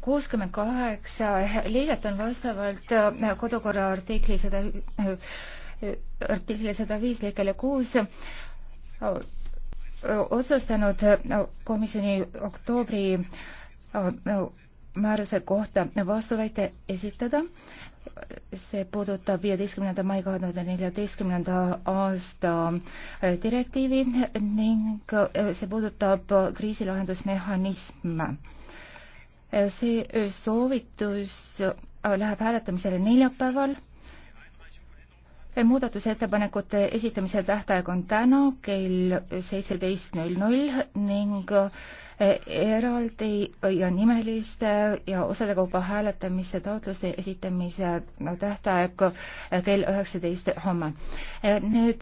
kuuskümmend kaheksa liiget on vastavalt äh, kodukorra artikli sada, äh, artikli sada viis lõikele kuus äh, otsustanud komisjoni oktoobri määruse kohta vastuväite esitada. see puudutab viieteistkümnenda mai kahe tuhande neljateistkümnenda aasta direktiivi ning see puudutab kriisilahendusmehhanisme see soovitus läheb hääletamisele neljapäeval. muudatusettepanekute esitamise tähtaeg on täna kell seitseteist null null ning eh, eraldi ja nimeliste ja osade kaupa hääletamise taotluste esitamise tähtaeg kell üheksateist homme. Eh, nüüd